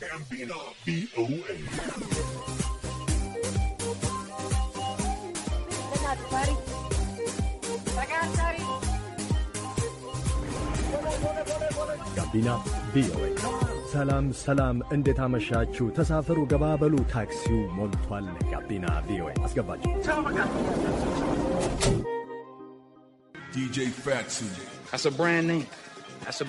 ጋቢና ቪኦኤ ጋቢና ቪኦኤ። ሰላም ሰላም፣ እንዴት አመሻችሁ? ተሳፈሩ፣ በሉ፣ ታክሲው ሞልቷል። ጋቢና ቪኦኤ አስገባችሁ። ዲጄ Fatsu. That's a brand name. That's a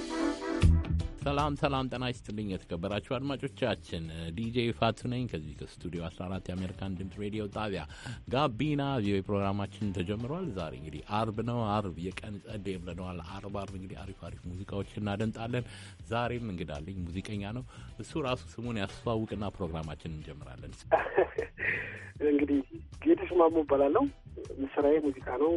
ሰላም ሰላም፣ ጤና ይስጥልኝ የተከበራችሁ አድማጮቻችን፣ ዲጄ ፋቱ ነኝ ከዚህ ከስቱዲዮ 14 የአሜሪካን ድምፅ ሬዲዮ ጣቢያ ጋቢና ቪኦኤ ፕሮግራማችን ተጀምሯል። ዛሬ እንግዲህ አርብ ነው። አርብ የቀን ጸዴ ብለነዋል። አርብ አርብ እንግዲህ አሪፍ አሪፍ ሙዚቃዎች እናደምጣለን። ዛሬም እንግዳለኝ ሙዚቀኛ ነው። እሱ ራሱ ስሙን ያስተዋውቅና ፕሮግራማችን እንጀምራለን። እንግዲህ ጌትሽ ማሞ እባላለሁ ስራዬ ሙዚቃ ነው።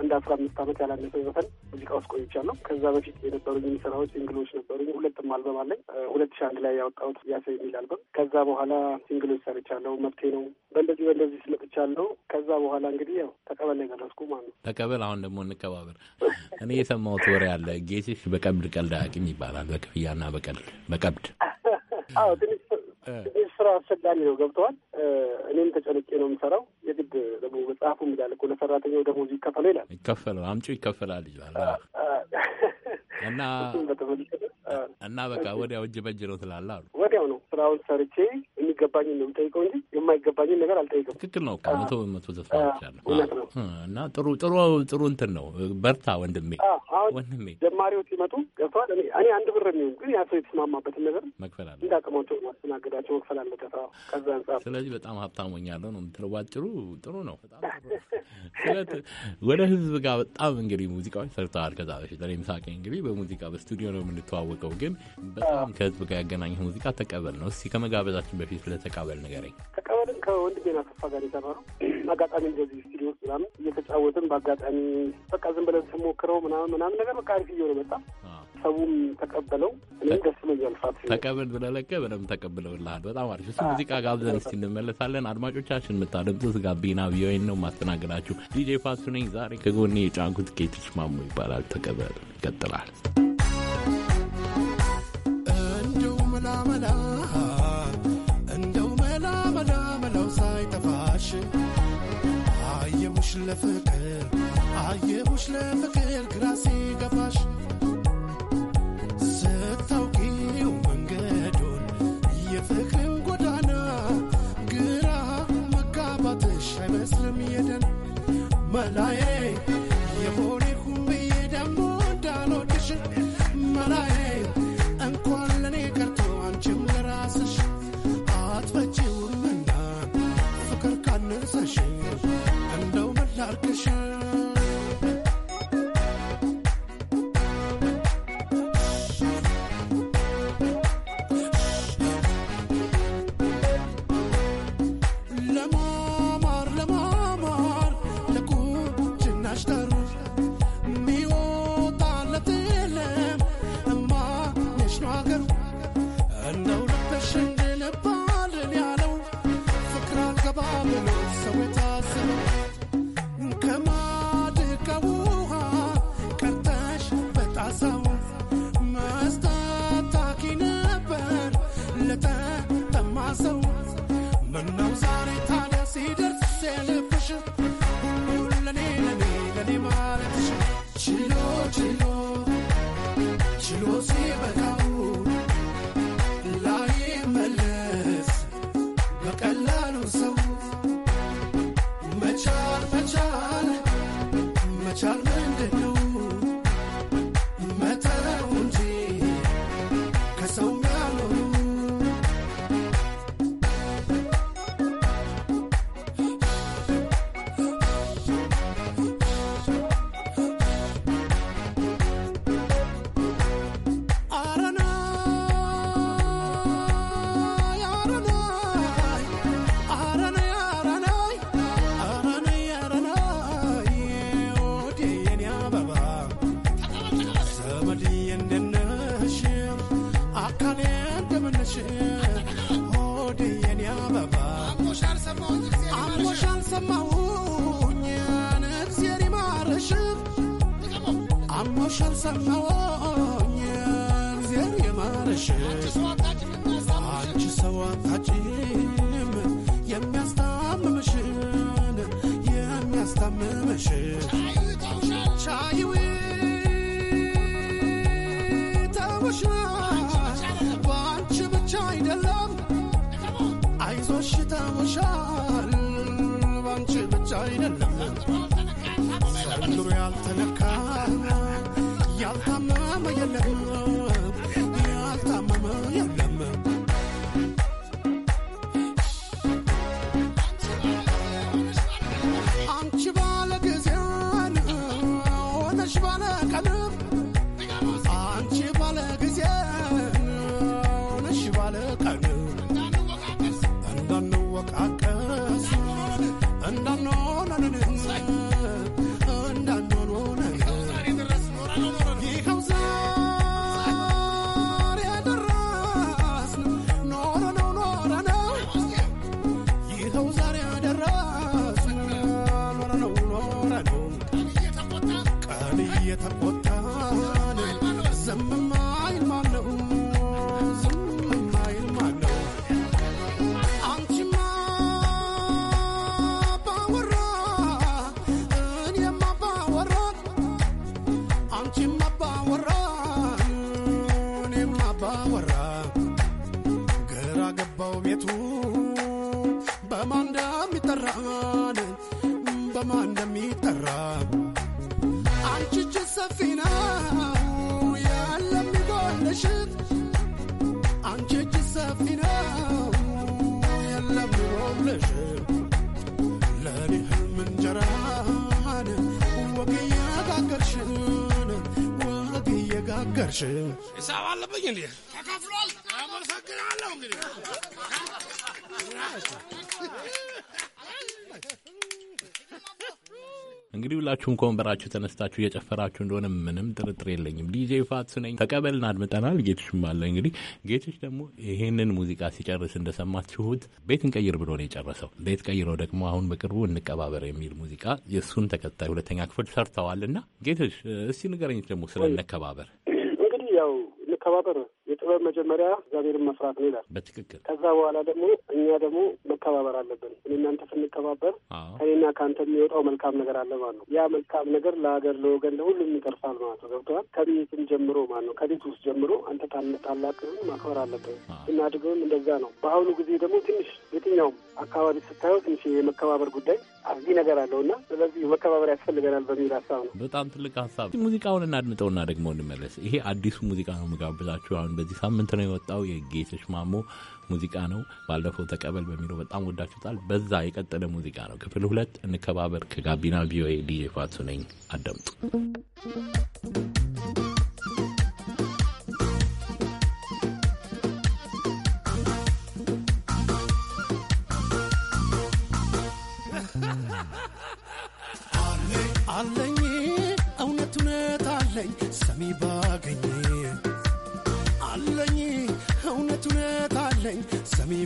አንድ አስራ አምስት ዓመት ያላነሰ ዘፈን ሙዚቃ ውስጥ ቆይቻለሁ። ከዛ በፊት የነበሩኝ ስራዎች ሲንግሎች ነበሩኝ። ሁለትም አልበም አለኝ። ሁለት ሺ አንድ ላይ ያወጣሁት ያሰ የሚል አልበም። ከዛ በኋላ ሲንግሎች ሰርቻለሁ። መብቴ ነው። በእንደዚህ በእንደዚህ ስለጥቻለሁ። ከዛ በኋላ እንግዲህ ያው ተቀበል ላይ ደረስኩ ማለት ነው። ተቀበል። አሁን ደግሞ እንከባበር። እኔ የሰማሁት ወሬ አለ ጌትሽ በቀብድ ቀልድ አቅም ይባላል። በክፍያና በቀልድ በቀብድ አዎ ትንሽ ግን ስራ አስቸጋሪ ነው። ገብተዋል። እኔም ተጨንቄ ነው የምሰራው። የግድ ደግሞ መጽሐፉ ይላል እኮ ለሰራተኛው ደሞዝ ይከፈለው ይላል። ይከፈለው አምጪው ይከፈላል ይላል። እና እና በቃ ወዲያው እጅ በእጅ ነው ትላለህ አሉ። ወዲያው ነው ስራውን ሰርቼ የሚገባኝን ነው የምጠይቀው እንጂ የማይገባኝን ነገር አልጠይቅም። ትክክል ነው። መቶ በመቶ ተስማምቻለሁ። እና ጥሩ ጥሩ ጥሩ እንትን ነው። በርታ ወንድሜ። ወንድሜ ጀማሪዎች ሲመጡ ገብተዋል። እኔ አንድ ብር የሚሆን ግን ያ ሰው የተስማማበትን ነገር መክፈል አለ፣ እንደ አቅማቸው ማስተናገዳቸው መክፈል አለበት። ከዛ አንጻር ስለዚህ በጣም ሀብታም ሀብታሞኛለሁ ነው የምትለው። ባጭሩ ጥሩ ነው። ወደ ህዝብ ጋር በጣም እንግዲህ ሙዚቃዎች ሰርተዋል ከዛ በፊት ለምሳሌ እንግዲህ በሙዚቃ በስቱዲዮ ነው የምንተዋወቀው፣ ግን በጣም ከህዝብ ጋር ያገናኘ ሙዚቃ ተቀበል ነው። እስቲ ከመጋበዛችን በፊት ስለ ተቀበል ንገረኝ። ተቀበልን ከወንድሜ ናሰፋ ጋር ነው። አጋጣሚ እንደዚህ ስቱዲዮ ውስጥ ምናምን እየተጫወትን በአጋጣሚ በቃ ዝም ብለን ስሞክረው ምናምን ምናምን ነገር በቃ አሪፍ እየሆነ መጣ። ሰቡም ተቀበለው። እኔም ደስ ነው እያልፋት ተቀበል ብለለቀ በደምብ ተቀብለውልሃል። በጣም አሪፍ። እሱ ሙዚቃ ጋብዘን እስቲ እንመለሳለን። አድማጮቻችን የምታደምጡት ጋቢና ቪኦኤ ነው። ማስተናገዳችሁ ዲጄ ፋሱ ነኝ። ዛሬ ከጎኔ የጫንኩት ጌትሽ ማሞ ይባላል። ተቀበል ይቀጥላል። ለፍቅር አየሁሽ ለፍቅር ግራሴ ገፋሽ ይዞሽ ተውሻል ባንቺ ብቻ አይደለም ሁላችሁም ከወንበራችሁ ተነስታችሁ እየጨፈራችሁ እንደሆነ ምንም ጥርጥር የለኝም። ዲጄ ፋትስ ነኝ። ተቀበልን አድምጠናል። ጌቶችም አለ እንግዲህ ጌቶች ደግሞ ይህንን ሙዚቃ ሲጨርስ እንደሰማችሁት ቤት እንቀይር ብሎ ነው የጨረሰው። ቤት ቀይረው ደግሞ አሁን በቅርቡ እንቀባበር የሚል ሙዚቃ የእሱን ተከታይ ሁለተኛ ክፍል ሰርተዋል እና ጌቶች እስቲ ንገረኝ ደግሞ ስለ እንከባበር እንግዲህ ያው እንከባበር ጥበብ መጀመሪያ እግዚአብሔርን መፍራት ነው ይላል። በትክክል ከዛ በኋላ ደግሞ እኛ ደግሞ መከባበር አለብን። እኔ እናንተ ስንከባበር ከኔና ከአንተ የሚወጣው መልካም ነገር አለ ማለት ነው። ያ መልካም ነገር ለሀገር ለወገን ለሁሉም ይጠርፋል ማለት ነው። ገብተዋል። ከቤትም ጀምሮ ማለት ነው። ከቤት ውስጥ ጀምሮ አንተ ታላቅ ማክበር አለብን። ስናድግም እንደዛ ነው። በአሁኑ ጊዜ ደግሞ ትንሽ የትኛውም አካባቢ ስታየው ትንሽ የመከባበር ጉዳይ እዚህ ነገር አለው እና ስለዚህ መከባበር ያስፈልገናል በሚል ሀሳብ ነው። በጣም ትልቅ ሀሳብ። ሙዚቃውን እናድምጠውና ደግሞ እንመለስ። ይሄ አዲሱ ሙዚቃ ነው የምጋብዛችሁ። አሁን በዚህ ሳምንት ነው የወጣው የጌትሽ ማሞ ሙዚቃ ነው። ባለፈው ተቀበል በሚለው በጣም ወዳችሁታል። በዛ የቀጠለ ሙዚቃ ነው። ክፍል ሁለት እንከባበር። ከጋቢና ቪኦኤ ዲጄ ፋቱ ነኝ። አዳምጡ።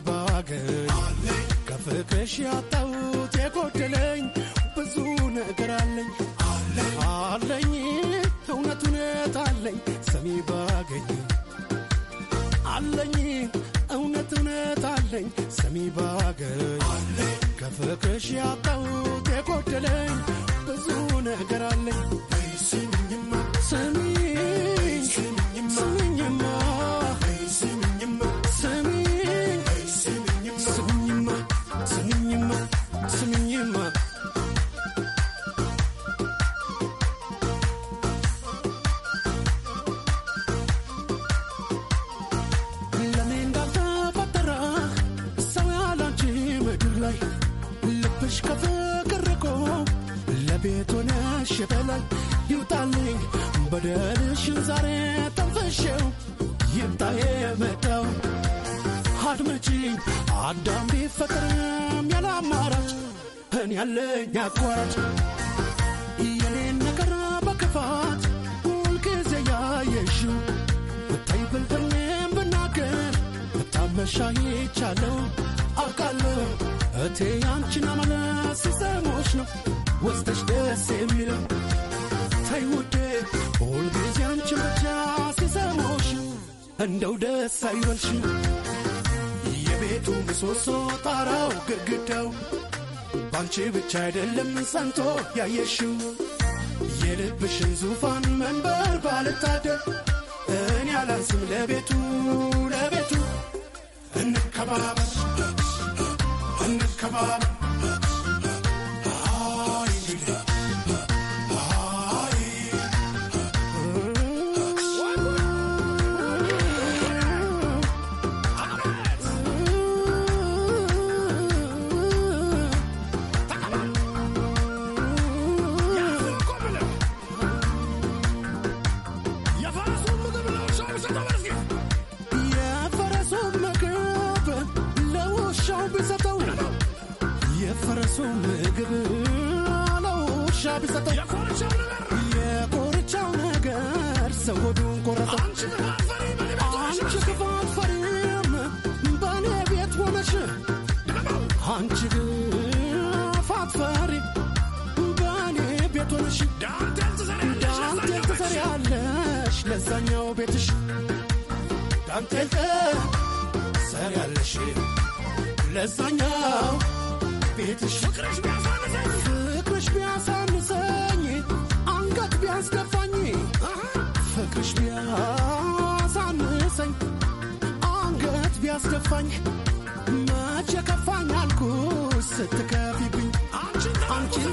በአገር ከፍቅሽ ያጣሁት የጎደለኝ ብዙ ነገር አለኝ አለኝ እውነት እውነት አለኝ ሰሚ ባገኝ አለኝ እውነት እውነት አለኝ ሰሚ ባገኝ ከፍቅሽ ያጣሁት የጎደለኝ ብዙ ነገር አለኝ yakwat iyaleen nagaraa bakka faat kuul keessa yaayeeshu bittaa ibilbileen binnaageen bittaa meeshaayee chaaloo akaaloo atee yaanchi namana sisee mooshna wastesh deessee miila taiwudee ol keessa yaanchi machaa sisee mooshna እንደው ደስ አይበልሽ የቤቱ ምሰሶ ጣራው ግድግዳው ባንቺ ብቻ አይደለም ጸንቶ ያየሽው የልብሽን ዙፋን መንበር ባልታደር እኔ አላንስም ለቤቱ ለቤቱ እንከባበር እንከባበር አለው ውሻ ቢሰጠው የቆርቻው ነገር ሰው ሆዱን ቆረጠው። አንቺ ክፋት ፈሪም በእኔ ቤት ሆነሽ አንቺ ክፋት ፈሪ በእኔ ቤት ሆነሽ ዳንቴል ትሰሪያለሽ ለዛኛው ቤትሽ ዳንቴል ትሰሪያለሽ ለዛኛው ቤትሽ ቢያሳንሰኝ ፍቅርሽ ቢያሳንሰኝ አንገት ቢያስደፋኝ ፍቅርሽ ቢያሳንሰኝ አንገት ቢያስደፋኝ መቼ ከፋኝ አልኩ ስትከፊብኝ አንቺን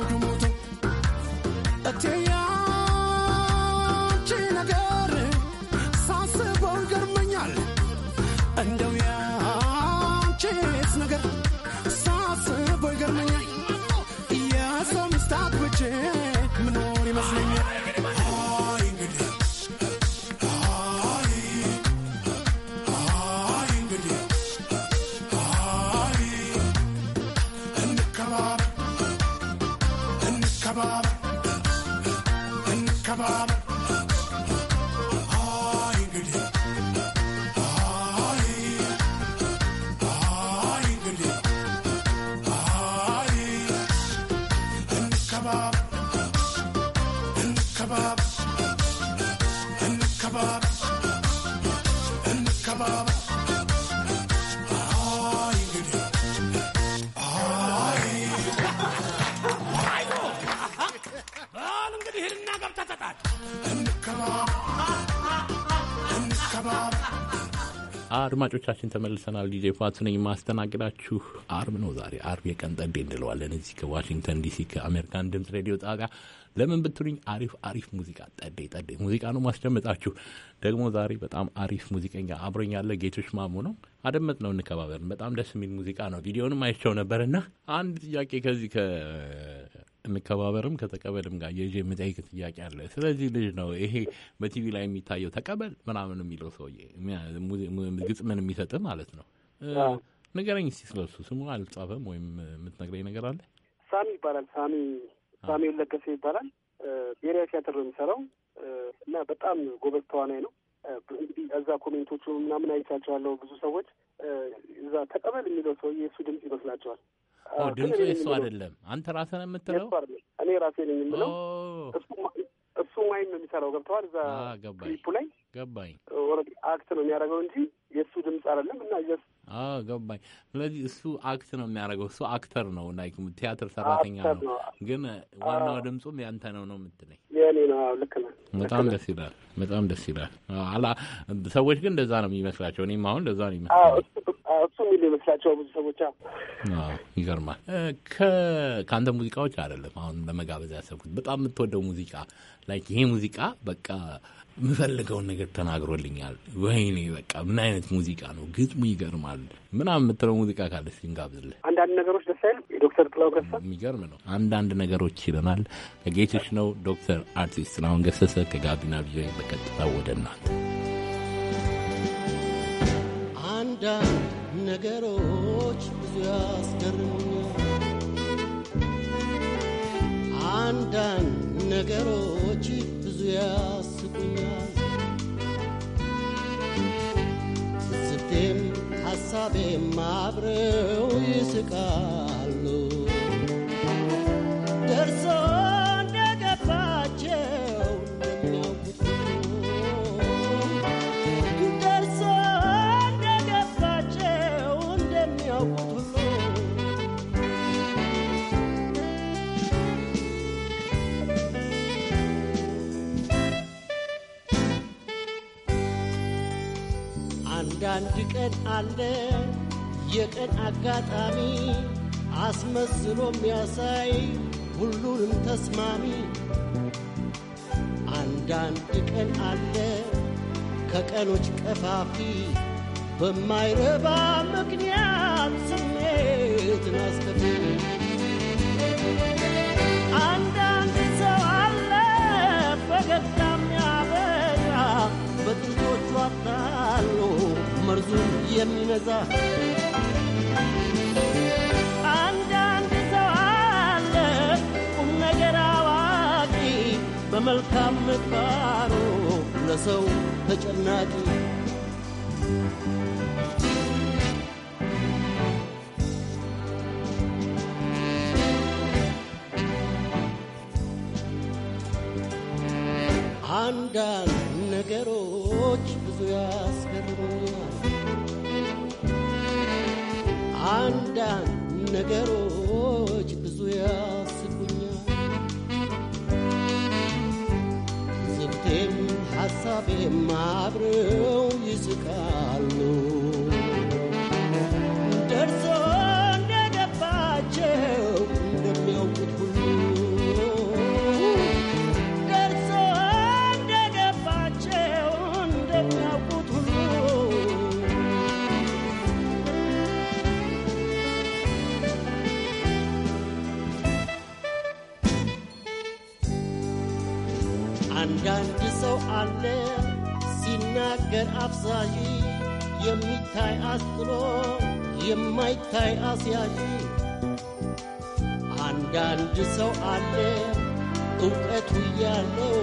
አድማጮቻችን ተመልሰናል። ዲጄ ፋቱ ነኝ የማስተናግዳችሁ። አርብ ነው ዛሬ፣ አርብ የቀን ጠዴ እንለዋለን እዚህ ከዋሽንግተን ዲሲ ከአሜሪካን ድምፅ ሬዲዮ ጣቢያ። ለምን ብትሉኝ አሪፍ አሪፍ ሙዚቃ ጠዴ ጠዴ ሙዚቃ ነው ማስደመጣችሁ። ደግሞ ዛሬ በጣም አሪፍ ሙዚቀኛ አብሮኝ ያለ ጌቶች ማሙ ነው። አደመጥ ነው እንከባበርን። በጣም ደስ የሚል ሙዚቃ ነው። ቪዲዮንም አይቸው ነበርና አንድ ጥያቄ ከዚህ እንከባበርም ከተቀበልም ጋር የ የምጠይቅ ጥያቄ አለ። ስለዚህ ልጅ ነው ይሄ በቲቪ ላይ የሚታየው ተቀበል ምናምን የሚለው ሰውዬ ግጥምን የሚሰጥ ማለት ነው። ንገረኝ እስኪ ስለሱ። ስሙ አልጻፈም ወይም የምትነግረኝ ነገር አለ? ሳሚ ይባላል። ሳሚ ሳሚ ለገሰ ይባላል። ብሔራዊ ቲያትር ነው የሚሰራው እና በጣም ጎበዝ ተዋናይ ነው። እንግዲህ እዛ ኮሜንቶቹ ምናምን አይቻቸዋለሁ። ብዙ ሰዎች እዛ ተቀበል የሚለው ሰውዬ እሱ ድምፅ ይመስላቸዋል። ድምፁ የሱ አይደለም። አንተ ራስህ ነው የምትለው? እኔ ራሴ ነኝ የምለው። እሱ ማይም ነው የሚሰራው። ገብተዋል። እዛ ክሊፑ ላይ ገባኝ። ወረ አክት ነው የሚያደርገው እንጂ የእሱ ድምፅ አይደለም እና ገባኝ። ስለዚህ እሱ አክት ነው የሚያደርገው፣ እሱ አክተር ነው፣ ላይክ ቲያትር ሰራተኛ ነው። ግን ዋናው ድምፁም ያንተ ነው ነው የምትለኝ? በጣም ደስ ይላል፣ በጣም ደስ ይላል። አላ ሰዎች ግን እንደዛ ነው የሚመስላቸው። እኔም አሁን እንደዛ ነው ይመስላል፣ እሱ ብዙ ሰዎች። ይገርማል። ከአንተ ሙዚቃዎች አይደለም አሁን ለመጋበዝ ያሰብኩት በጣም የምትወደው ሙዚቃ ላይክ ይሄ ሙዚቃ በቃ የምፈልገውን ነገር ተናግሮልኛል። ወይኔ በቃ ምን አይነት ሙዚቃ ነው! ግጥሙ ይገርማል። ይሆናል ምናምን የምትለው ሙዚቃ ካለ ሲንጋብዝልህ አንዳንድ ነገሮች ደስ አይልም። የዶክተር ጥላው ገሰሰ የሚገርም ነው። አንዳንድ ነገሮች ይለናል። ከጌቶች ነው ዶክተር አርቲስት ጥላሁን ገሰሰ ከጋቢና ቪዮ በቀጥታ ወደ እናንተ አንዳንድ ነገሮች ብዙ ያስገርሙኛል። አንዳንድ ነገሮች ብዙ ያስቁኛል። ሀሳቤም አብረው ይስቃሉ ደርሰው አንዳንድ ቀን አለ የቀን አጋጣሚ አስመስሎ የሚያሳይ ሁሉንም ተስማሚ። አንዳንድ ቀን አለ ከቀኖች ቀፋፊ በማይረባ ምክንያት ስሜትን አስከፊ መርዙ የሚነዛ አንዳንድ ሰው አለ ቁም ነገር አዋቂ በመልካም ምግባሩ ለሰው ተጨናቂ አንዳንድ ነገሮች ብዙ ያስገርሙኛል። አንዳንድ ነገሮች ብዙ ያስቁኛል። ዝብቴም ሐሳቤም አብረው ይስቃሉ። ነገር አፍዛዥ የሚታይ አስጥሎ የማይታይ አስያዥ አንዳንድ ሰው አለ እውቀቱ ያለው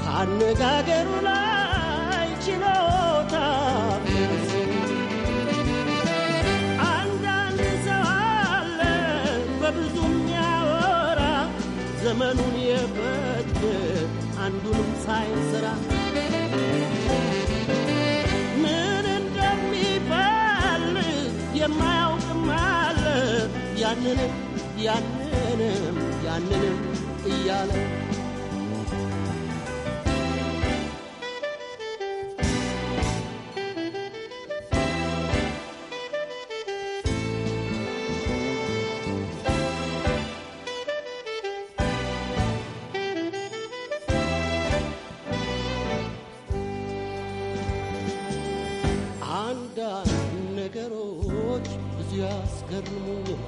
ከአነጋገሩ ላይ ችሎታ አንዳንድ ሰው አለ በብዙ የሚያወራ ዘመኑን የበድ አንዱንም ሳይሰራ ምን እንደሚፈልግ የማያውቅ ማለ ያንንም ያንንም ያንንም እያለ አንዳንድ ነገሮች ብዙ ያስገርሙኛል።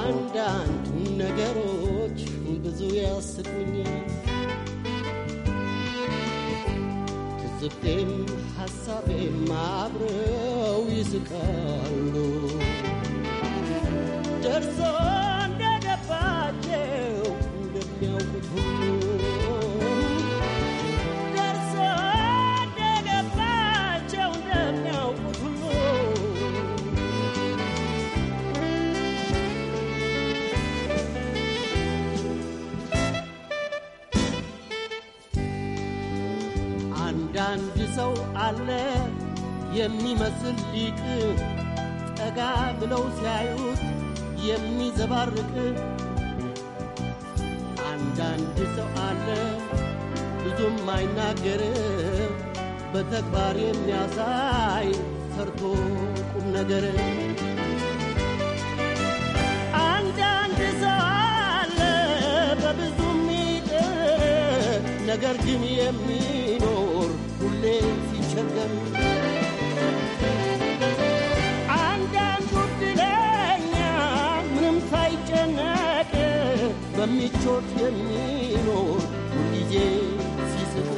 አንዳንድ ነገሮች ብዙ ያስቁኛል። ትዝብቴም ሐሳቤም አብረው ይስቃሉ። ደርሶ እንደገባቸው እንደሚያውቁት ሁሉ አለ የሚመስል ሊቅ ጠጋ ብለው ሲያዩት የሚዘባርቅ አንዳንድ ሰው አለ ብዙም አይናገር በተግባር የሚያሳይ ሰርቶ ቁም ነገር አንዳንድ ሰው አለ በብዙ የሚጥር ነገር ግን የሚኖር ሁሌ አይሸለም አንዳንዱ ድለኛ ምንም ሳይጨነቅ በምቾት የሚኖር ሁልጊዜ ሲስቅ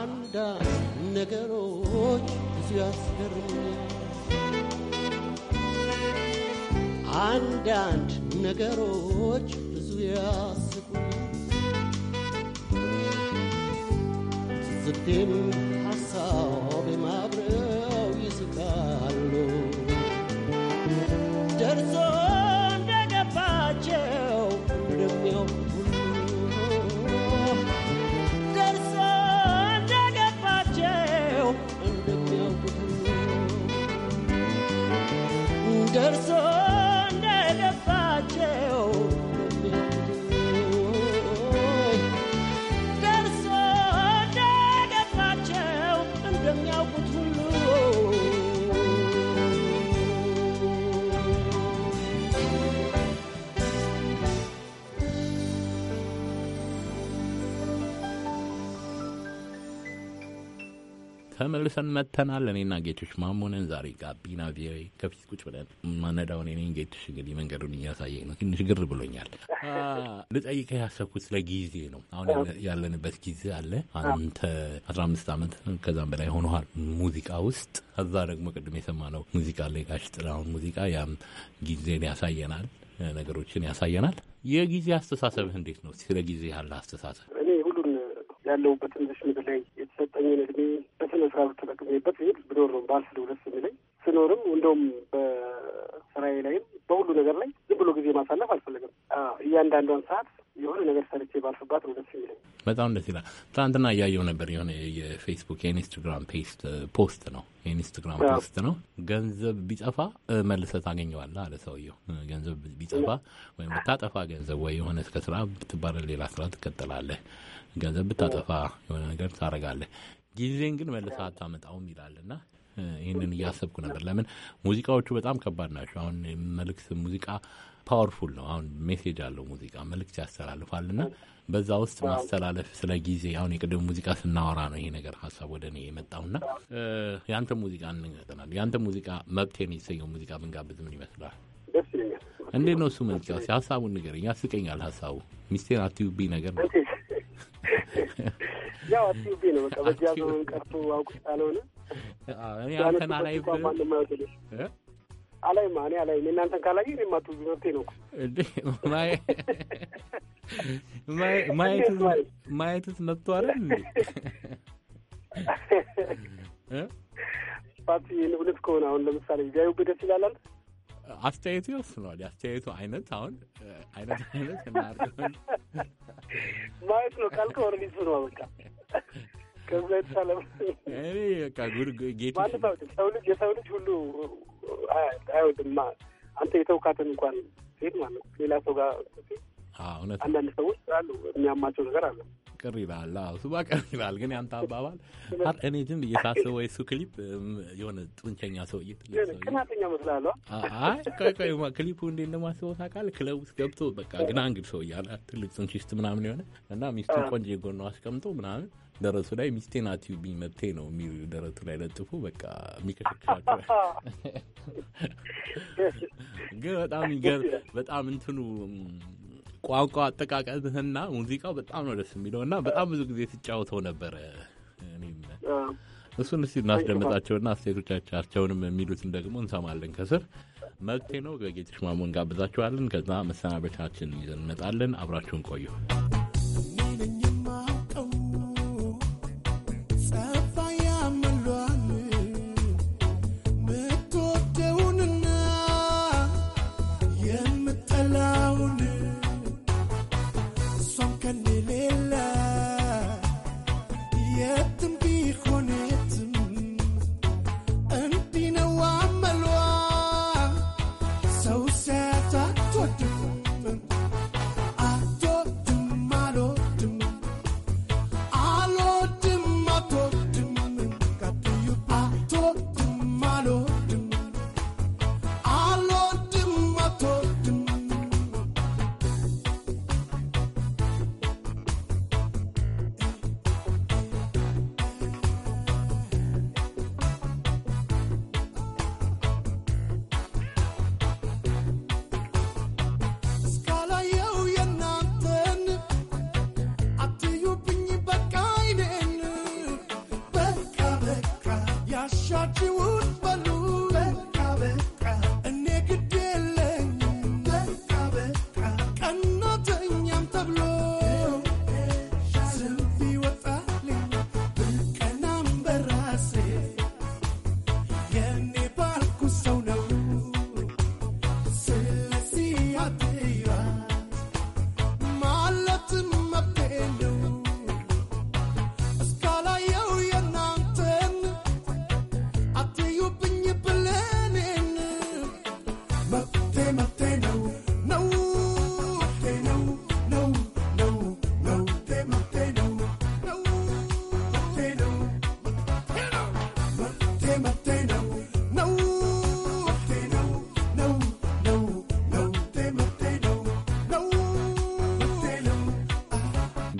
አንዳንድ ነገሮች ብዙ ያስገርሙኛል አንዳንድ ነገሮች ብዙ ያስቁኛል። ዝቴም ሐሳብ ተመልሰን መጥተናል። እኔና ጌቶች ማሞነን ዛሬ ጋቢና ቪኦኤ ከፊት ቁጭ ብለን ማነዳውን እኔ ጌቶች እንግዲህ መንገዱን እያሳየኝ ነው። ትንሽ ግር ብሎኛል። ልጠይቀ ያሰብኩት ስለ ጊዜ ነው። አሁን ያለንበት ጊዜ አለ። አንተ አስራ አምስት ዓመት ከዛም በላይ ሆነሃል ሙዚቃ ውስጥ። ከዛ ደግሞ ቅድም የሰማነው ሙዚቃ ላይ ጋሽ ጥላሁን ሙዚቃ ያም ጊዜን ያሳየናል፣ ነገሮችን ያሳየናል። የጊዜ አስተሳሰብህ እንዴት ነው? ስለ ጊዜ ያለ አስተሳሰብ እኔ ሁሉን ያለሁበት ምድር ላይ የተሰጠኝን እድሜ በስነ ስርዓት ተጠቅሜበት ይሄድ ብኖር ነው ባልስል ደስ የሚለኝ ስኖርም እንደውም በስራዬ ላይም በሁሉ ነገር ላይ ዝም ብሎ ጊዜ ማሳለፍ አልፈለግም። እያንዳንዷን ሰዓት የሆነ ነገር ሰርቼ ባልፍባት ነው ደስ የሚለኝ። በጣም ደስ ይላል። ትናንትና እያየው ነበር የሆነ የፌስቡክ የኢንስትግራም ፔስት ፖስት ነው የኢንስታግራም ፖስት ነው። ገንዘብ ቢጠፋ መልሰ ታገኘዋለ አለ ሰውየው። ገንዘብ ቢጠፋ ወይም ብታጠፋ ገንዘብ ወይ የሆነ ከስራ ብትባረር ሌላ ስራ ትቀጥላለህ ገንዘብ ብታጠፋ የሆነ ነገር ታደርጋለህ፣ ጊዜን ግን መልሰህ አታመጣውም ይላልና ይህንን እያሰብኩ ነበር። ለምን ሙዚቃዎቹ በጣም ከባድ ናቸው። አሁን መልእክት ሙዚቃ ፓወርፉል ነው። አሁን ሜሴጅ አለው ሙዚቃ መልእክት ያስተላልፋል እና በዛ ውስጥ ማስተላለፍ ስለ ጊዜ አሁን የቅድም ሙዚቃ ስናወራ ነው ይሄ ነገር ሀሳብ ወደ እኔ የመጣውና የአንተ ሙዚቃ እንገጠናል። የአንተ ሙዚቃ መብቴን የተሰኘው ሙዚቃ ብንጋብዝ ምን ይመስላል? እንዴት ነው እሱ? መልጫ ሀሳቡን ንገረኝ። ያስቀኛል ሀሳቡ ሚስቴን አትዩቢ ነገር ነው ያው አትዩቤ ነው በቃ በዚያ ዘመን ቀርቶ አንተን እኔ አላይም። እናንተን ካላየ እኔ ማቱ ነው እንዴ አለ እንዴ? ፓርቲ ሁለት ከሆነ አሁን ለምሳሌ ቢያዩብህ ደስ ይላል። አስተያየቱ ይወስነዋል። የአስተያየቱ አይነት አሁን አይነት አይነት ናርገሆን ማየት ነው። ቃል ከወረዲሱ ነው በቃ ከዛ የተሻለ እኔ በቃ ጌቱ ሰው ልጅ የሰው ልጅ ሁሉ አይወድማ። አንተ የተውካትን እንኳን ሴት ማለት ሌላ ሰው ጋር አንዳንድ ሰዎች አሉ የሚያማቸው ነገር አለ ቅር ይላል። ሱባ ቅር ይላል። ግን ያንተ አባባል እኔ ዝም ብዬ ሳስበው የእሱ ክሊፕ የሆነ ጡንቸኛ ሰውዬ ቅናተኛ መስላለሁ። ቆይ ክሊፑ እንዴ እንደማስበው ታውቃለህ? ክለብ ውስጥ ገብቶ በቃ ግን አንግድ ሰው እያለ ትልቅ ጡንቺስት ምናምን የሆነ እና ሚስቱን ቆንጆ ጎኖ አስቀምጦ ምናምን ደረቱ ላይ ሚስቴን አትዩብኝ መብቴ ነው የሚሉ ደረቱ ላይ ለጥፎ በቃ የሚከሽክሻቸው ግን በጣም በጣም እንትኑ ቋንቋ አጠቃቀምህና ሙዚቃው በጣም ነው ደስ የሚለው እና በጣም ብዙ ጊዜ ሲጫወተው ነበረ። እሱን እስቲ እናስደምጣቸውና አስተያየቶቻቸውንም የሚሉትን ደግሞ እንሰማለን። ከስር መብቴ ነው በጌትሽ ማሞን ጋብዛችኋለን። ከዛ መሰናበቻችን ይዘን እንመጣለን። አብራችሁን ቆዩ።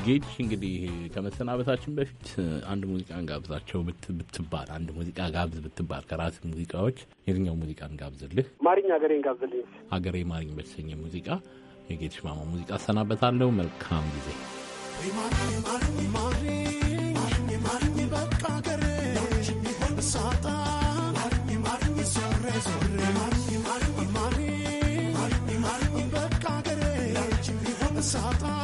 ጌጅ እንግዲህ ከመሰናበታችን በፊት አንድ ሙዚቃ ጋብዛቸው ብትባል አንድ ሙዚቃ ጋብዝ ብትባል ከራስ ሙዚቃዎች የትኛው ሙዚቃ እንጋብዝልህ? ማሪኝ ሀገሬ እንጋብዝልኝ። ሀገሬ ማሪኝ በተሰኘ ሙዚቃ የጌጅ ማማ ሙዚቃ አሰናበታለሁ። መልካም ጊዜ። Satan